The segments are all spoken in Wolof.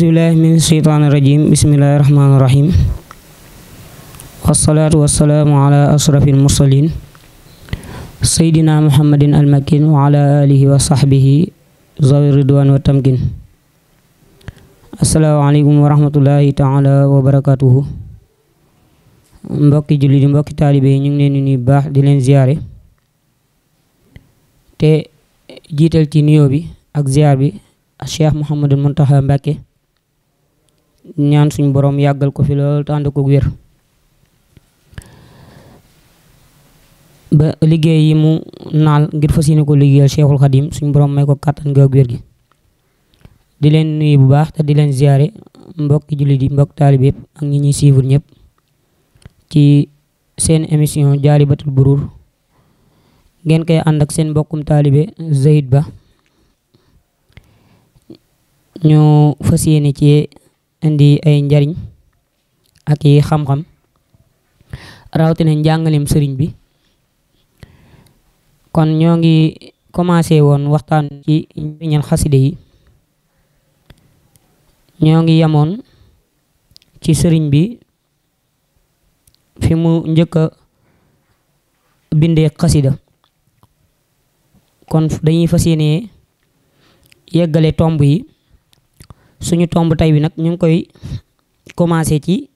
auzubillahi min sheytaani rajim bismillahi rahmaani rahim wassalaatu wassalaamu ala ashrafil mursalin seydina muhammadin almakin wa ala alihi wa sahbihi zawi ridwan wa tamkin assalaamu aleykum wa rahmatullahi taala wa barakatuhu mbokki julli di mbokki taalibe ñu ngi leen di nuyu baax di leen ziyaare te jiital ci nuyoo bi ak ziyaar bi Cheikh Mouhamadou Mountakha Mbacké ñaan suñu borom yàggal ko fi lool te ànd ko wér ba liggéey yi mu naal ngir fas yéene ko liggéeyal Cheikhul Khadim suñu borom may ko kàttan nga ak wér gi di leen nuyu bu baax te di leen ziyaare mbokki jullit yi mbokk taalibe yëpp ak ñi ñuy suivre ñëpp ci seen émission Jaalibatul Buruur ngeen koy ànd seen mbokkum taalibe Zaid Ba ñoo fas yéene indi ay njariñ ak yi xam-xam rawatina njàngaleem sëriñ bi kon ñoo ngi commencé woon waxtaan ci njariñal xaside yi ñoo ngi yemoon ci sëriñ bi fi mu njëkk a bindee xasida kon dañuy fas yéene yeggale tomb yi suñu tomb tey bi nag ñu ngi koy commencé ci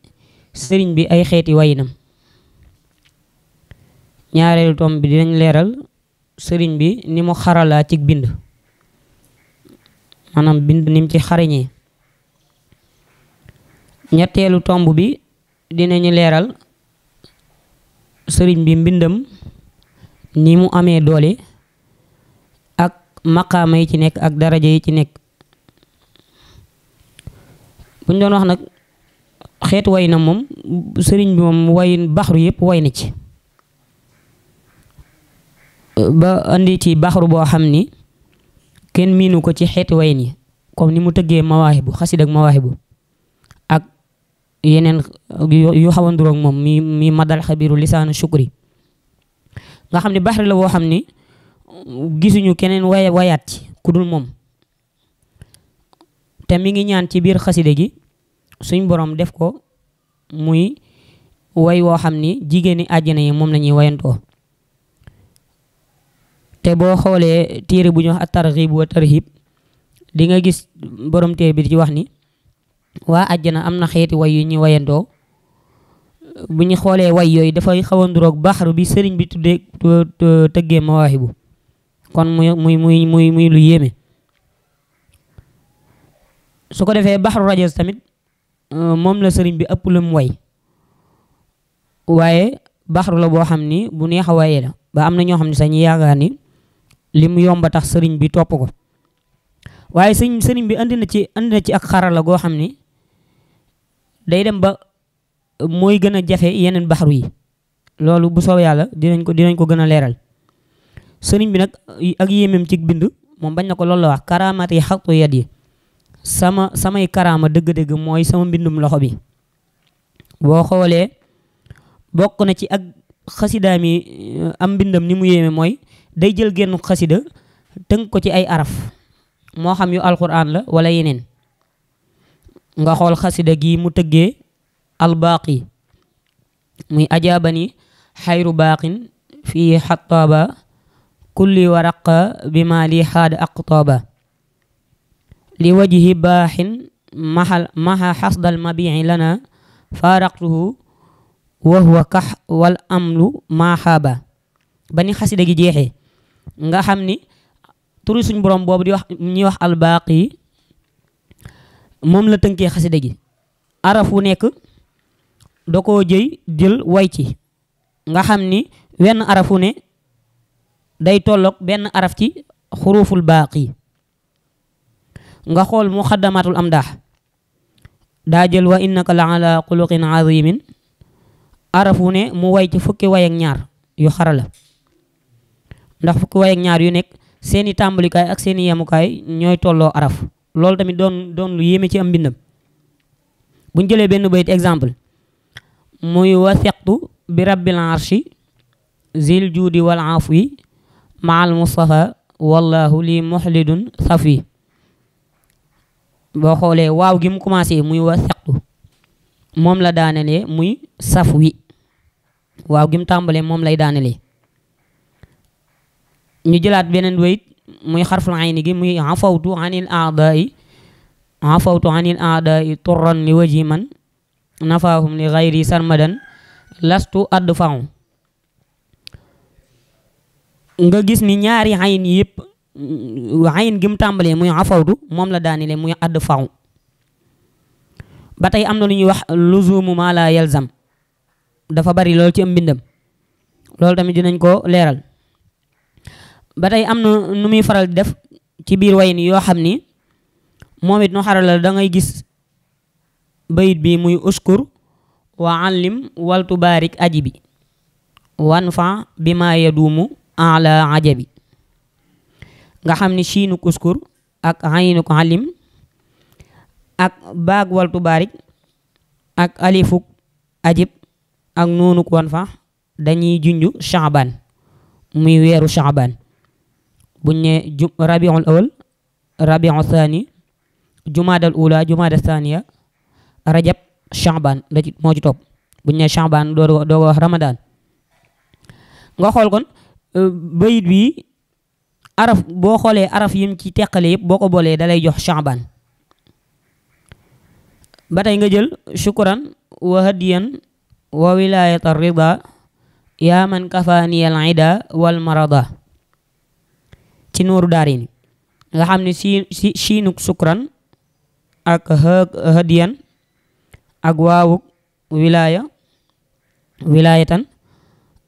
sëriñ bi ay xeeti wayinam ñaareelu tomb bi dinañ leeral sëriñ bi ni mu xaralaa ci bind maanaam bind ni ci xarañee ñetteelu tomb bi dinañu leeral sëriñ bi mbindam ni mu amee doole ak maqaama yi ci nekk ak daraja yi ci nekk buñ doon wax nag xeet way na moom sëriñ bi moom way baxru yëpp way na ci ba andi ci baxru boo xam ni kenn miinu ko ci xeeti wayin yi comme ni mu tëggee mawaahibu xasid ak mawaahibu ak yeneen yu xawanduroog moom mi mi madal xabiru lisaanu shukri nga xam ne baxri la boo xam ni gisuñu keneen way wayaat ci ku dul moom te mi ngi ñaan ci biir xaside gi suñ boroom def ko muy way woo xam ni jigéeni àjjana yi moom lañuy ñuy te boo xoolee téere bu ñu wax at-targhib wa tarhib di nga gis borom téere bi di ci wax ni waa àjjana am na xeeti way yu ñuy wayantoo bu ñu xoolee way yooyu dafay xaw a nduroog bi sëriñ bi tuddee tëggee mawaahibu kon muy muy muy muy muy lu yéeme su ko defee baxru rajas tamit euh, moom la sëriñ bi ëpp lu mu way waaye baxru la boo xam ni bu neexawaayee a ba am na ñoo xam ne sax ñu yaakaar ni li mu yomba tax sëriñ bi topp ko waaye sëñ sëriñ bi andi na ci andi na ci ak xarala goo xam ni day dem ba mooy gën a jafe yeneen baxru yi loolu bu soob yàlla dinañ ko dinañ ko gën a leeral sëriñ bi nag ak yéemem ci bind moom bañ na ko lool la wax karaamaat yi xaqtu yat yi sama samay karaama dëgg-dëgg mooy sama mbindum loxo bi boo xoolee bokk na ci ak xasidaa mi eh, am mbindam ni mu yéeme mooy day jël genn xasida tënk ko ci ay araf moo xam yu alquran la wala yeneen nga xool xasida gi mu tëggee albaaqi muy ajaabani xayru baaqin fii xataaba kulli waraqa bi maa lii xaada aqtaaba li wajhi baaxin maxal maxa xasdal mabici lana faaraqtuhu wa huwa kax wal amlu maaxaaba ba ni xasida gi nga xam ni turu suñ borom boobu di wax ñuy wax albaaqi moom la tënkee xasida gi nekk da ko jëy jël way ci nga xam ni wenn araf ne day tolloog benn araf ci xuruful baaqi nga xool mu xaddamaatul am daax daa jël wa innaka la ala xuluqin azimin arafu ne mu way ci fukki way ñaar yu xarala ndax fukki way ñaar yu nekk seeni tàmbalikaay ak seeni yemukaay ñooy tolloo araf loolu tamit doon doon lu yéeme ci am mbindam buñ jëlee benn bayit exemple muy wasiqtu bi rabbil arshi zil juudi wal afwi maal mustafa wallahu li muxlidun safi boo xoolee waaw gi commencé muy wa seqtu moom la daanelee muy saf wi waaw gi mu moom lay daanelee ñu jëlaat beneen wayit muy xarful ayni gi muy afawtu anil aadaa'i afawtu anil aadaa'i turran li waji man nafaahum li xayri sarmadan lastu adfa'u nga gis ni ñaari ayn yëpp ayin gi mu tàmbalee muy afawdu moom la daanile muy add faw ba tey am na lu ñuy wax luzumu maa la yalzam dafa bari lool ci am mbindam loolu tamit dinañ ko leeral ba tey am na nu muy faral di def ci biir wayin yoo xam ni moom it nu xarala da gis bayit bi muy uskur wa allim waltu baarik aji bi wan bi maa yaduumu ala ajabi nga xam ni siinu uskur ak ayinu alim ak baag waltu barik ak alifuk ajib ak nuunu ko wan fa dañuy junju muy weeru shaaban buñ ne ju rabiul awal rabiul thani jumaadal ula jumaadal thaniya rajab shaaban da ci moo ci topp buñ ne wax ramadaan nga xool kon euh, bayit bi araf boo xoolee araf yim ci teqale yëpp boo ko boolee dalay jox shaaban ba tey nga jël shukran wa hadiyan wa wilayata rida yaa man kafaani al ida ci nuuru daarini nga xam ne si shukran ak hadiyan ak waawuk wilaaya wilaayatan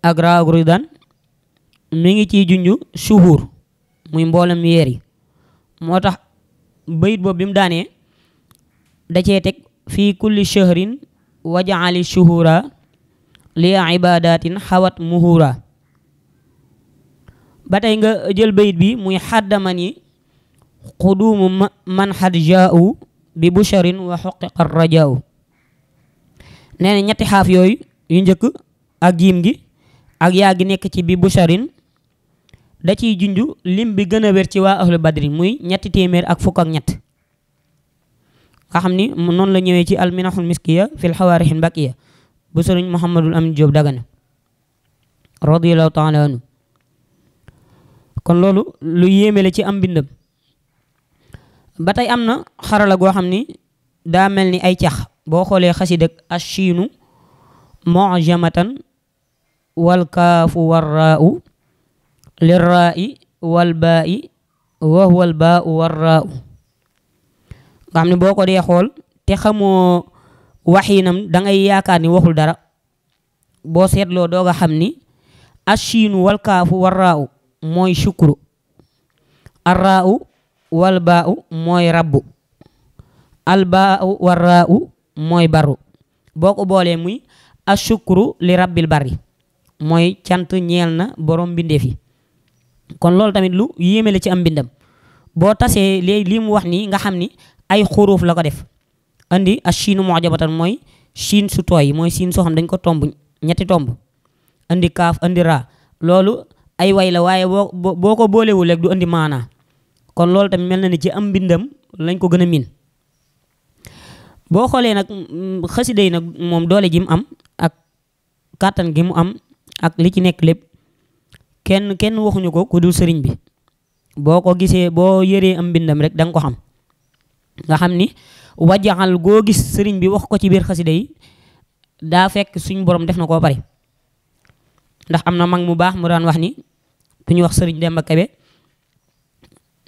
ak raagu ridan mi ngi ci junju shuhur muy mboolem weer moo tax bayit boobu bi mu daanee da cee teg fii kulli shahrin wajaali shuhura li ibadatin xawat muhura ba tey nga jël bayit bi muy xaddaman yi xuduumu man xad bi busharin wa xoqiqa rajaau nee ñetti xaaf yooyu yu njëkk ak jiim gi ak yaa gi nekk ci bi busharin da ciy junj lim bi gën a wér ci waa ahlu badri muy ñetti téeméer ak fukk ak ñett nga xam ni noonu la ñëwee ci alminahul miskiya fil xawaarixil baqiya bu sëriñ Muhammadul Amin Jóob Dagana radiyallahu taala kon loolu lu yéeme la ci am bindam ba tey am na xarala goo xam ni daa mel ni ay cax boo xoolee xasida ak ashiinu mojamatan wal kaafu lirraa'i walbaa'i wa huwa albaa'u warraa'u nga xam ne boo ko dee xool te xamoo waxiinam dangay yaakaar ni waxul dara boo seetloo doog a xam ni ashiinu walkaafu warraa'u mooy shukru arraa'u walbaa'u mooy rabbu albaa'u warraa'u mooy baru boo ko boolee muy ashukru li rabbil bari mooy cant ñeel borom mbindeef yi kon loolu tamit lu yéeme la ci am mbindam boo tasee léegi lii mu wax nii nga xam ni ay xuruuf la ko def andi ak chiinu mojabatan mooy chiin su tooy mooy chiin soo xam dañ ko tomb ñetti tomb andi kaaf andi ra loolu ay way la waaye boo boo ko boolewul rek du andi maanaa kon loolu tamit mel na ni ci am mbindam lañ ko gën a miin boo xoolee nag mm, xasida yi nag moom doole ji mu am ak kàttan gi mu am ak li ci nekk lépp kenn kenn waxuñu ko ku dul sëriñ bi boo ko gisee boo yéree am mbindam rek danga ko xam nga xam ni wajaxal goo gis sëriñ bi wax ko ci biir xasida yi daa fekk suñ borom def na koo pare ndax am na mag mu baax mu daan wax ni ku ñu wax sëriñ Demba Kebe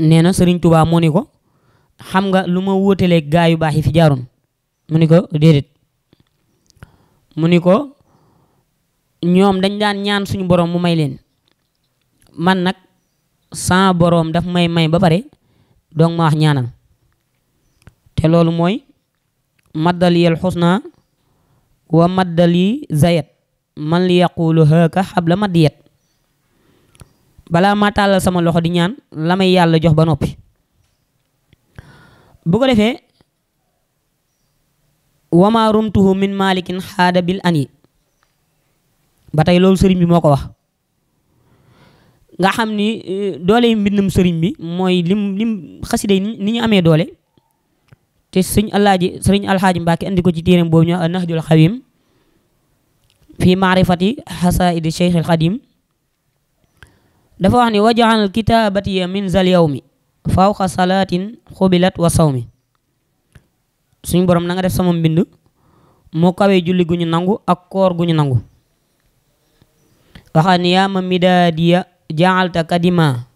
nee na sëriñ Tuubaa mu ni ko xam nga lu ma wóotalee gaa yu baax yi fi jaarum mu ni ko déedéet mu ni ko ñoom dañ daan ñaan suñu borom mu may leen man nag sans boroom daf may may ba pare donc ma wax ñaanal te loolu mooy maddal yel xusna wa maddali zayet man li yaqulu haka xabla maddiyet balaa ma tàllal sama loxo di ñaan la may yàlla jox ba noppi bu ko defee wama rumtuhu min malikin xaada bil ani ba tey loolu sëriñ bi moo ko wax nga xam ni euh, doole mbindum sëriñ bi mooy lim lim xasida yi ni ñu amee doole te suñ alaaji sëriñ alxaaji Mbàkke indi ko ci téeréem boobu ñu nahjul xawim fi maarifati xasaidi cheikh al xadim dafa wax ni wajaxal kitaabati min zal yawmi fawqa salaatin xubilat wa sawmi suñu borom na def sama mbind moo kawee julli gu ñu nangu ak koor gu ñu nangu waxaan yaa ma midaadiya jaalta kadima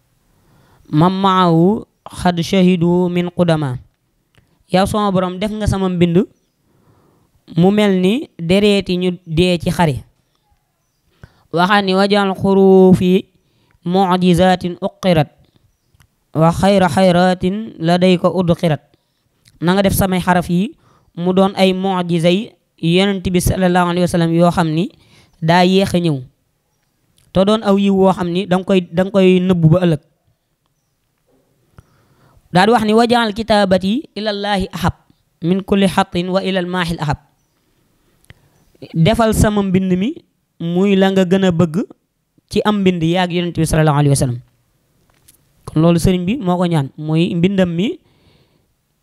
mam maahu xad shahidu min qudama yow sama borom def nga sama mbind mu mel ni dereeti ñu dee ci xare waxaat ni wajal xuruufi mucjizaatin uqirat wa xayra xayratin ladayka udqirat na nga def samay xaraf yi mu doon ay mucjizay yonent bi sallallahu alayhi wa sallam yoo xam ni daa yéex a ñëw to doon aw yiw woo xam ni danga koy da koy nëbbu ba ëllëg daal wax ni wajaal kitaabati ilallaahi ahab min kulli xatin wa ilal maaxil ahab defal sama mbind mi muy la nga gën a bëgg ci am mbind yaag yonent bi salallaahu alayhi wa kon loolu sëriñ bi moo ko ñaan muy mbindam mi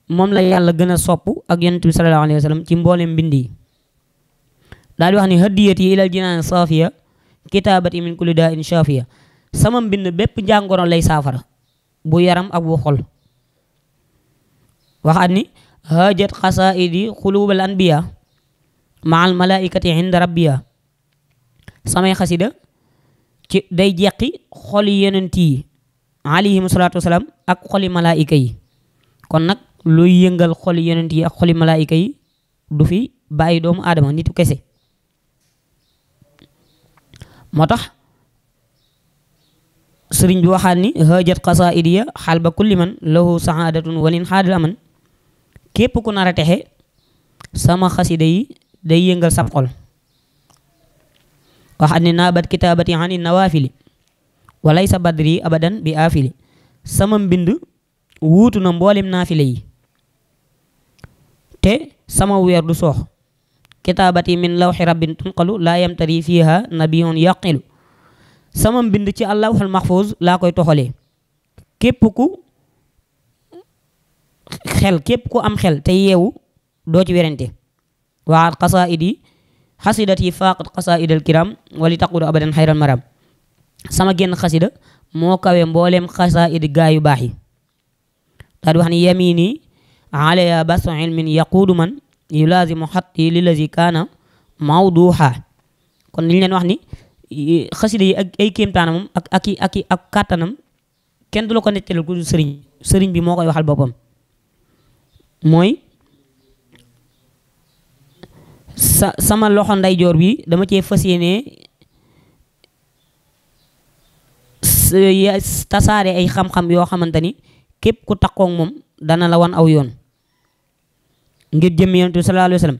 moom la yàlla gën a sopp ak yonent bi salallaahu alayhi ci mboole mbind yi daal wax ni hadiyati ilal jinaan saafiya kitaabati min kulli daa in shaafiya sama mbind bépp jàngoro lay saafara bu yaram ak bu xol waxaat ni hajat xasaidi xuluubal anbiya maal malaikati inda rabbiya samay xasida ci day jeqi xoli yonent yi alayhim salaatu wasalaam ak xoli malaayika yi kon nag luy yëngal xol yonent ak xoli malaayika yi du fi bàyyi doomu aadama nitu kese moo tax sëriñ bi waxaat ni hajat qasaaidiya xaal ba kulli man lahu saadatun walin xaadal aman képp ku nar a texe sama xasida yi day yëngal sab xol waxaat ni naabat kitaabati ani nawaafili walaysa badri abadan bi aafili sama mbind wuutu na mboolem naafila yi te sama weer du soox kitaabati min lawxi rabbin tunqalu laa yamtari fiha nabiyun yaqilu sama mbind ci allawxul maxfuus laa koy toxalee képp ku xel képp ku am xel te yeewu doo ci werante waxaat xasaayidi xasidati faaqat xasaayidal kiram wali taqudu abadan xayral maram sama genn xasida moo kawe mbooleem xasaayidi gaa yu baax yi daal yamini alaya basu ilmin yaquudu man yulaasimu xatti lillazi kaana mawduuxa kon li leen wax ni xasida yi ak ay kéemtaanam ak ak i ak kàttanam kenn du la ko nettalee ku sëriñ sëriñ bi moo koy waxal boppam mooy sa sama loxo ndeyjoor bi dama cee fas yéene tasaare ay xam-xam yoo xamante ni képp ku takkook moom dana la wan aw yoon ngir jëm yonent bi sallallahu alayhi wa sallam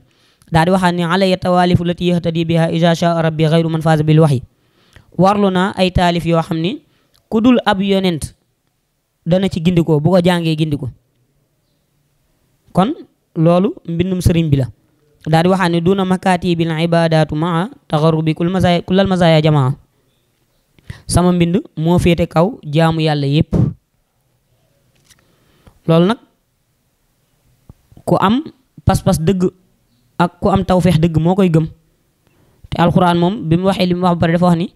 daa di waxaat ne alaya shaa rabbi xayru man faasa bil waxyi warlu naa ay taalif yoo xam ni ku dul ab dana ci gindikoo bu ko jàngee gindiko kon loolu mbindum sëriñ bi la daa di waxaat ne duna makaati bil ibadatu maa taxarubi kul masaya jamaa sama mbind moo féete kaw jaamu yàlla yépp loolu nag ku am pas-pas dëgg ak ku am tawféex dëgg moo koy gëm te alquran moom bi mu waxee li mu wax ba pare dafa wax ni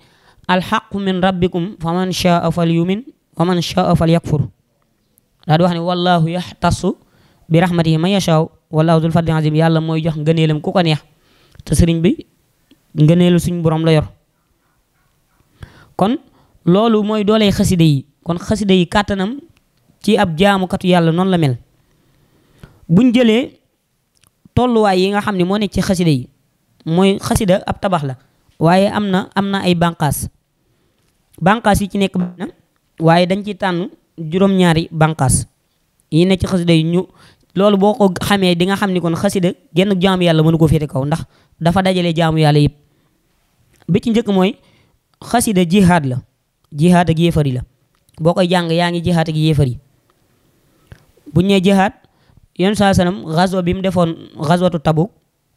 alxaqu min rabbikum fa man shaa fal yumin wa man shaa fal yakfur daa wax ni wallahu yaxtasu bi rahmatihi man yashaaw wallahu dul fadli azim yàlla mooy jox ngëneelam ku ko neex te sëriñ bi ngëneelu suñ borom la yor kon loolu mooy dooley xasida yi kon xasida yi kàttanam ci ab jaamukatu yàlla noonu la mel buñ jëlee tolluwaay yi nga xam ne moo nekk ci xasida yi mooy xasida ab tabax la waaye am na am na ay bànqaas banqaas yi ci nekk na waaye dañ ci tànn juróom-ñaari bànqaas yi nekk ci xasida yi ñu loolu boo ko xamee di nga xam ni kon xasida genn jaamu yàlla mënu ko féete kaw ndax dafa dajale jaamu yàlla yëpp bi ci njëkk mooy xasida jihaad la jihaad ak yéefar la boo koy jàng yaa ngi jihaad ak yéefar bu ñu nee yéen saa salaam xaswa bi mu defoon xaswatu Tabuk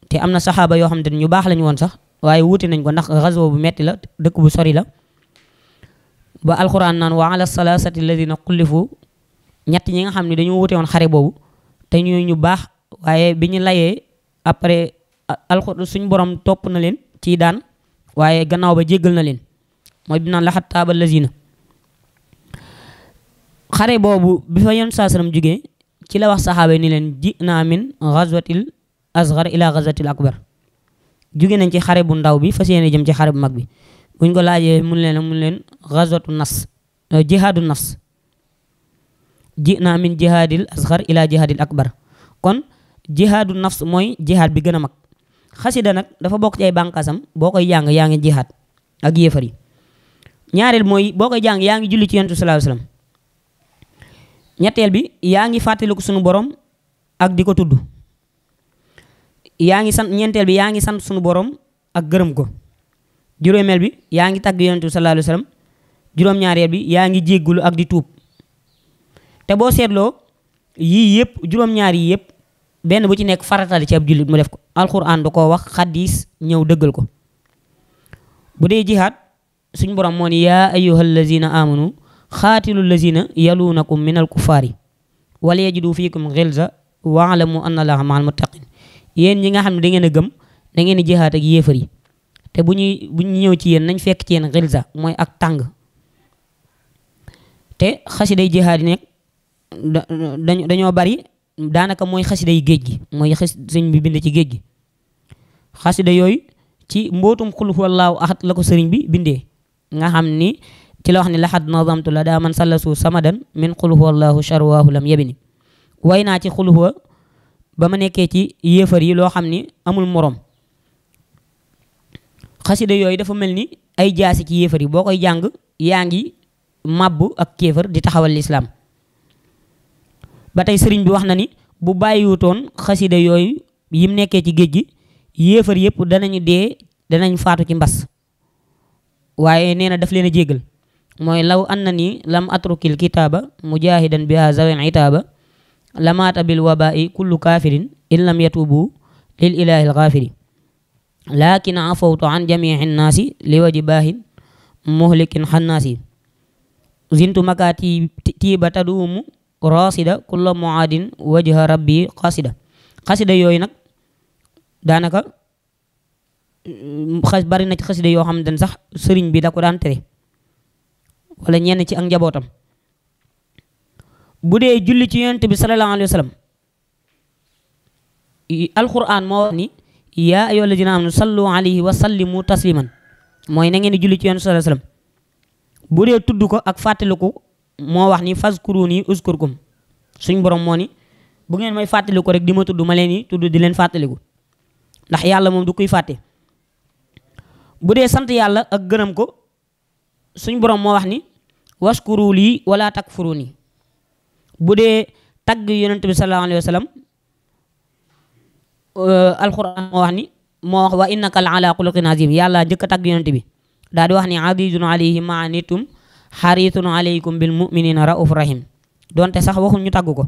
te am na saxaaba yoo xam te ñu baax lañu woon sax waaye wuti nañ ko ndax xaswa bu metti la dëkk bu sori la ba alxuraan naan wa ala salaasati alladina xullifu ñett ñi nga xam ne dañu wute woon xare boobu te ñoo ñu baax waaye bi ñu layee après alxur suñ borom topp na leen ci daan waaye gannaaw ba jéggal na leen mooy bi naan la xattaaba lazina xare boobu bi fa yenn saa salaam ci la wax saxaaba yi ni leen ji naa min ghazwatil asghar ila ghazwatil akbar jóge nañ ci xare bu ndaw bi fas yéene jëm ci xare bu mag bi buñ ko laajee mun leen mun leen ghazwatu nas euh, jihaadu nas ji naa min jihaadil asghar ila jihaadil akbar kon jihaadu nas mooy jihaad bi gën a mag xasida nag dafa bokk ci ay bànqaasam boo koy jàng yaa ngi jihaad ak yéefar yi ñaareel mooy boo koy jàng yaa ngi julli ci yontu sallallahu alayhi ñetteel bi yaa ngi fàttaliku sunu borom ak di ko tudd yaa ngi sant ñeenteel bi yaa ngi sant suñu borom ak gërëm ko juróomeel bi yaa ngi tagg yonent bi sallallahu alayhi wa sallam juróom-ñaareel bi yaa ngi jéggulu ak di tuub te boo seetloo yii yëpp juróom-ñaar yii yëpp benn bu ci nekk farata la ci ab jullit mu def ko alxuraan da koo wax xaddiis ñëw dëggal ko bu dee jihaad suñu borom moo ni yaa ayyuhal lazina amanu xaatilu lazina yaluunakum min al kufaari wala yajidu fiikum xilza waalamu anna allaha maal muttaqin yéen ñi nga xam ne da ngeen a gëm dangeen ngeen di jihaat ak yéefar yi te bu ñuy bu ñëw ci yéen nañ fekk ci yéen xilza mooy ak tàng te yi jihaat yi nekk dañoo dañoo bari daanaka mooy xasiday géej gi mooy bind ci géej gi xasida yooyu ci mbootum xul huwallaahu ahad la ko sëriñ bi bindee nga xam ni ci la wax ni laxad nazamtu la daa man sallasu samadan min qul huwa allahu sharwaahu lam ni way naa ci qul huwa ba ma nekkee ci yéefar yi loo xam ni amul moroom xasida yooyu dafa mel ni ay jaasi ci yéefar yi boo koy jàng yaa ngi màbb ak kéefar di taxawal lislaam ba tey sëriñ bi wax na ni bu bàyyiwutoon xasida yooyu yim nekkee ci géej gi yéefar yëpp danañu dee danañ faatu ci mbas waaye nee na daf leen a jéggal mooy law annani lam atrukil kitaaba mujahidan biha zawin itaaba lamaata bil wabai kullu kafirin in lam yatubu lil ilahi alxaafiri lakin afawtu an jamici nnaasi li waji baahin muhlikin xannaasi zintu maka tiiba taduumu rasida kulla muadin wajha rabbi qasida xasida yooyu nag daanaka xas bari na ci yoo xam ne sax sëriñ bi da ko wala ñenn ci ak njabootam bu dee julli ci yonent bi sallallahu alayhi wa sallam alquran moo wax ni yaa ayyuha alladina amanu sallu alayhi wa sallimu tasliman mooy na ngeen di julli ci yonent sallallahu alayhi bu dee tudd ko ak fàttaliku moo wax ni fas fazkuruni uskurkum suñ borom moo ni bu ngeen may fàttaliku rek di ma tudd ma leen i tudd di leen fàttaliku ndax yàlla moom du kuy fàtte bu dee sant yàlla ak gërëm ko suñ borom moo wax ni waskuru lii wala takfuru nii bu dee tagg yonent bi sallallahu alayhi wa sallam euh, alquran moo wax ni moo wax wa innaka la ala xuluqin azim yàlla njëkk a tagg yonent bi daal di wax ni azizun alayhi ma anitum xarisun alaykum bil muminina rauf rahim donte sax waxuñ ñu tagg ko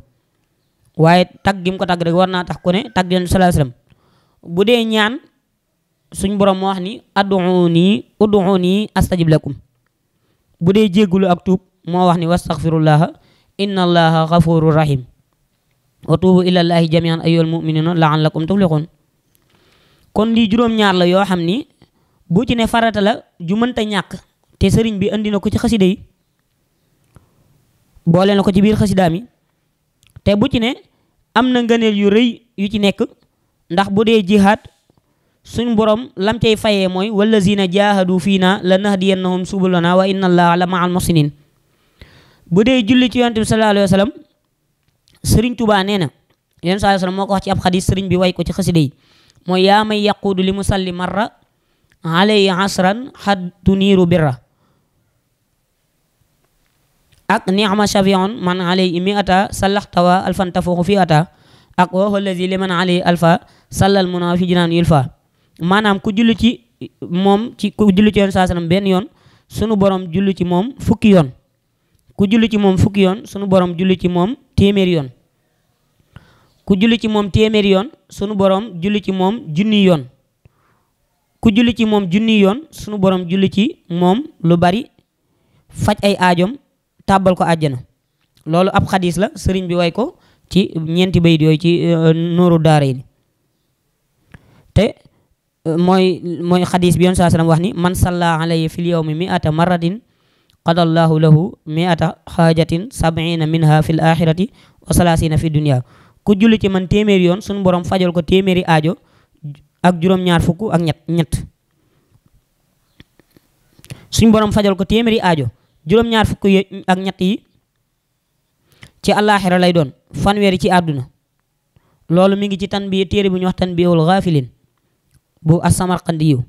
waaye tagg gi ko tagg rek war naa tax ku ne tagg yonent bi sallallahu alayhi bu dee ñaan suñ borom moo wax ni adduuni udduuni astajib bu dee jéggulu ak tuub moo wax ni wastaghfirullaha inna allaha ghafurur rahim wa tuubu ilallahi jamian ayyuhal mu'minuna la'allakum tuflihun kon lii juróom-ñaar la yoo xam ni bu ci ne farata la ju mënta ñàkk te sëriñ bi indi na ko ci xasida yi boole na ko ci biir xasidaam mi te bu ci ne am na ngëneel yu rëy yu ci nekk ndax bu dee jihaad suñ borom lam cay fayee mooy wallazina jaahadu fii na la nahdiyannahum subulana wa inna allaha la maal bu dee julli ci yonent bi sallallahu alayhi wa sallam sëriñ tubaa nee na yonent sallallahu alayhi wa sallam moo ko wax ci ab xadis sëriñ bi way ko ci xasida yi mooy yaa may yaquudu li musalli marra alayhi asran xad tuniiru birra ak ni'ma shafi'un man alay imi ata sallaxtawa alfan tafuuxu fi ata ak waxu lazi liman alay alfa sallal muna fi jinaan maanaam ku julli ci moom ci ku julli ci yoon saa benn yoon sunu borom julli ci moom fukki yoon ku julli ci moom fukki yoon sunu borom julli ci moom téeméeri yoon ku julli ci moom téeméeri yoon sunu borom julli ci moom junni yoon ku julli ci moom junni yoon sunu borom julli ci moom lu bari faj ay aajom tàbbal ko àjjana loolu ab xadiis la sëriñ bi way ko ci ñeenti bayit yooyu ci euh, nooru daara yi te mooy mooy xadis bi yoon saa sallam wax ni man salla alayhi fil yawmi miata maratin qada allahu lahu miata xaajatin sabina minha fi l wa salaasina fi dunia ku julli ci man téeméer yoon suñ boroom fajal ko téeméeri aajo ak juróom-ñaar fukk ak ñett fajal ko téeméeri aajo juróom-ñaar fukk yi ci àllaaxira lay doon fanweeri ci àdduna loolu mi ngi ci tan bi téere bu ñu wax tan biwul xaafilin bu asamarqandiyu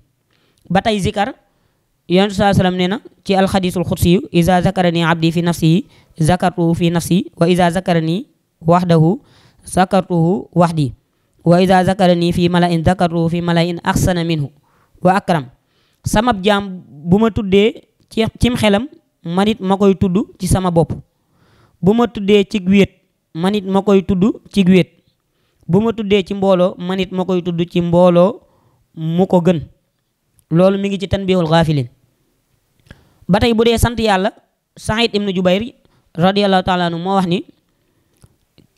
ba tey zikar yonent saa sallam nee na ci alxadisul xudsiyu iza zakarani abdi fi nafsihi zakartuhu fi nafsi wa iza zakarani waxdahu zakartuhu waxdi wa iza zakarani fi malain zakartuhu fi malain axsana minhu wa akram sama jaam bu ma tuddee ci cim xelam man ma koy tudd ci sama bopp bu ma tuddee ci wéet man ma koy tudd ci wéet bu ma tuddee ci mbooloo manit ma koy tudd ci mbooloo mu ko gën loolu mu ngi ci tanbihul xaafilin ba tey bu dee sant yàlla Saïd ibnu Jubayr radiyallahu taala anhu moo wax ni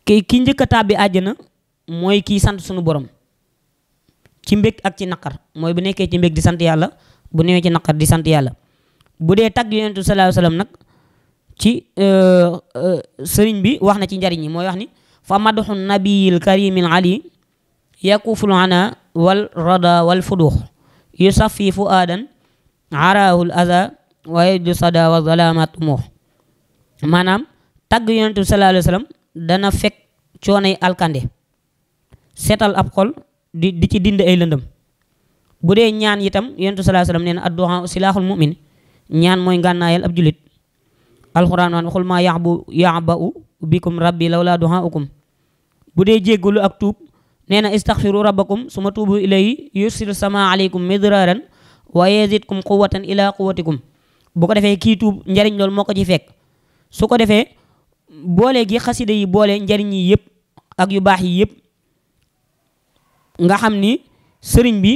ki ki njëkk a tàbbi àjjana mooy kii sant sunu borom ci mbég ak ci naqar mooy bu nekkee ci mbég di sant yàlla bu newee ci naqar di sant yàlla bu dee tagg yonent bi sallallahu nag ci euh, euh, sëriñ bi wax na ci njariñ yi mooy wax ni fa madxu nabiyil karimil ali yakufulu ana wal rada wal fudux yu safi fu aadan araahul aza waaye ju sada wa zalamat umux maanaam tagg yonent bi sallallahu alayhi alkande seetal ab xol di di ci dind ay lëndëm bu dee ñaan itam yonent bi sallallahu alayhi mu'min ñaan mooy ngànnaayal ab julit alxuraan waan waxul maa yax bikum rabbi law laa duxaa ukum bu dee jéggalu ak tuub nee na istaxfiru rabbakum suma tuubu ilayhi yursilu sama aleykum midraaran wa yazidkum quwatan ila quwatikum bu ko defee kii tuub njariñ loolu moo ko ci fekk su ko defee boole gi xasida yi boole njariñ yi yëpp ak yu baax yi yépp nga xam ni sëriñ bi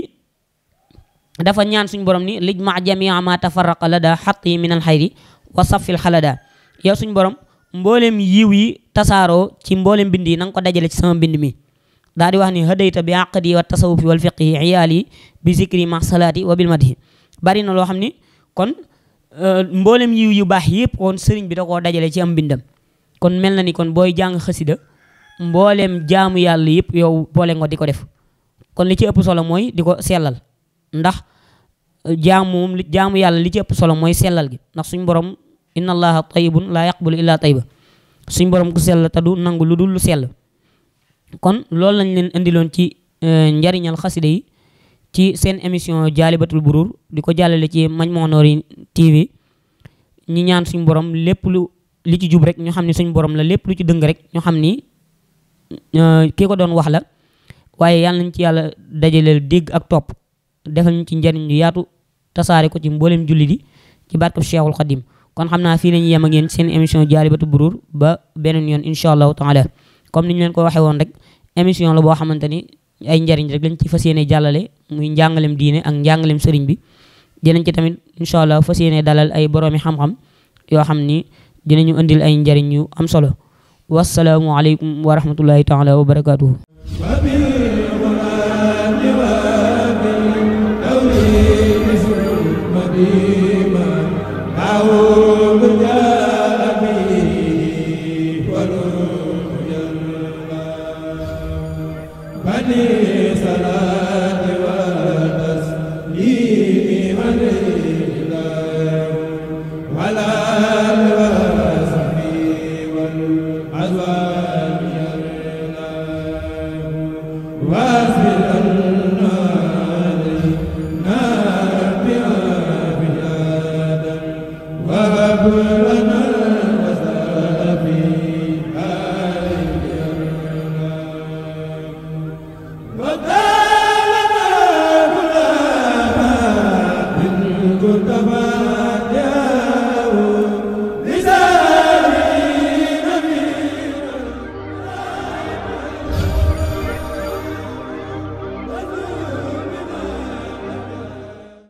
dafa ñaan suñ borom ni lij ma jamia ma tafaraqa la daa xat yi min al xayri wa safil xalada yow suñ borom mboolem yiw yi tasaaroo ci mboole bind yi na ko dajale ci sama mbind mi daa di wax ni hadayta bi aqdi wa tasawufi wal fiqhi iyaali bi zikri ma salaati wa bil madhi bari na loo xam ni kon euh, mboolem yiw yu baax yëpp kon sëriñ bi da koo dajale ci am mbindam kon mel na ni kon booy jàng xasida mboolem jaamu yàlla yëpp yow boole nga di ko def kon li ci ëpp solo mooy di ko sellal ndax euh, jaamu jaamu yàlla li ci solo mooy sellal gi ndax suñ borom inna allaha tayyibun laa yaqbulu illa tayyiba suñ borom ku sell te du nangu lu dul lu sell kon loolu lañ leen indiloon ci euh, njariñal xasida yi ci seen émission jaalibatul buruur di ko jàllale ci mañ Majmahun Nurayni TV ñi ñaan suñ borom lépp lu li ci jub rek ñu xam ni suñ borom la lépp lu ci dëng rek ñu xam ni euh, kii ko doon wax la waaye yàlla nañ ci yàlla dajaleel dégg ak topp defal ñu ci njariñ lu yaatu tasaare ko ci mboolem julli di ci barkab Cheikhul Xadim kon xam naa fii la ñuy yem ak seen émission jaalibatu buruur ba beneen yoon incha allahu taala comme ni ñu leen ko waxee woon rek émission la boo xamante ni ay njariñ rek lañ ci fas yéene jàllale muy njàngaleem diine ak njàngaleem sëriñ bi dinañ ci tamit incha allah fas yéene dalal ay boroomi xam-xam yoo xam ni dinañu indil ay njariñ yu am solo wasalaamualeykum wa rahmatullahi taala wa barakaatuhu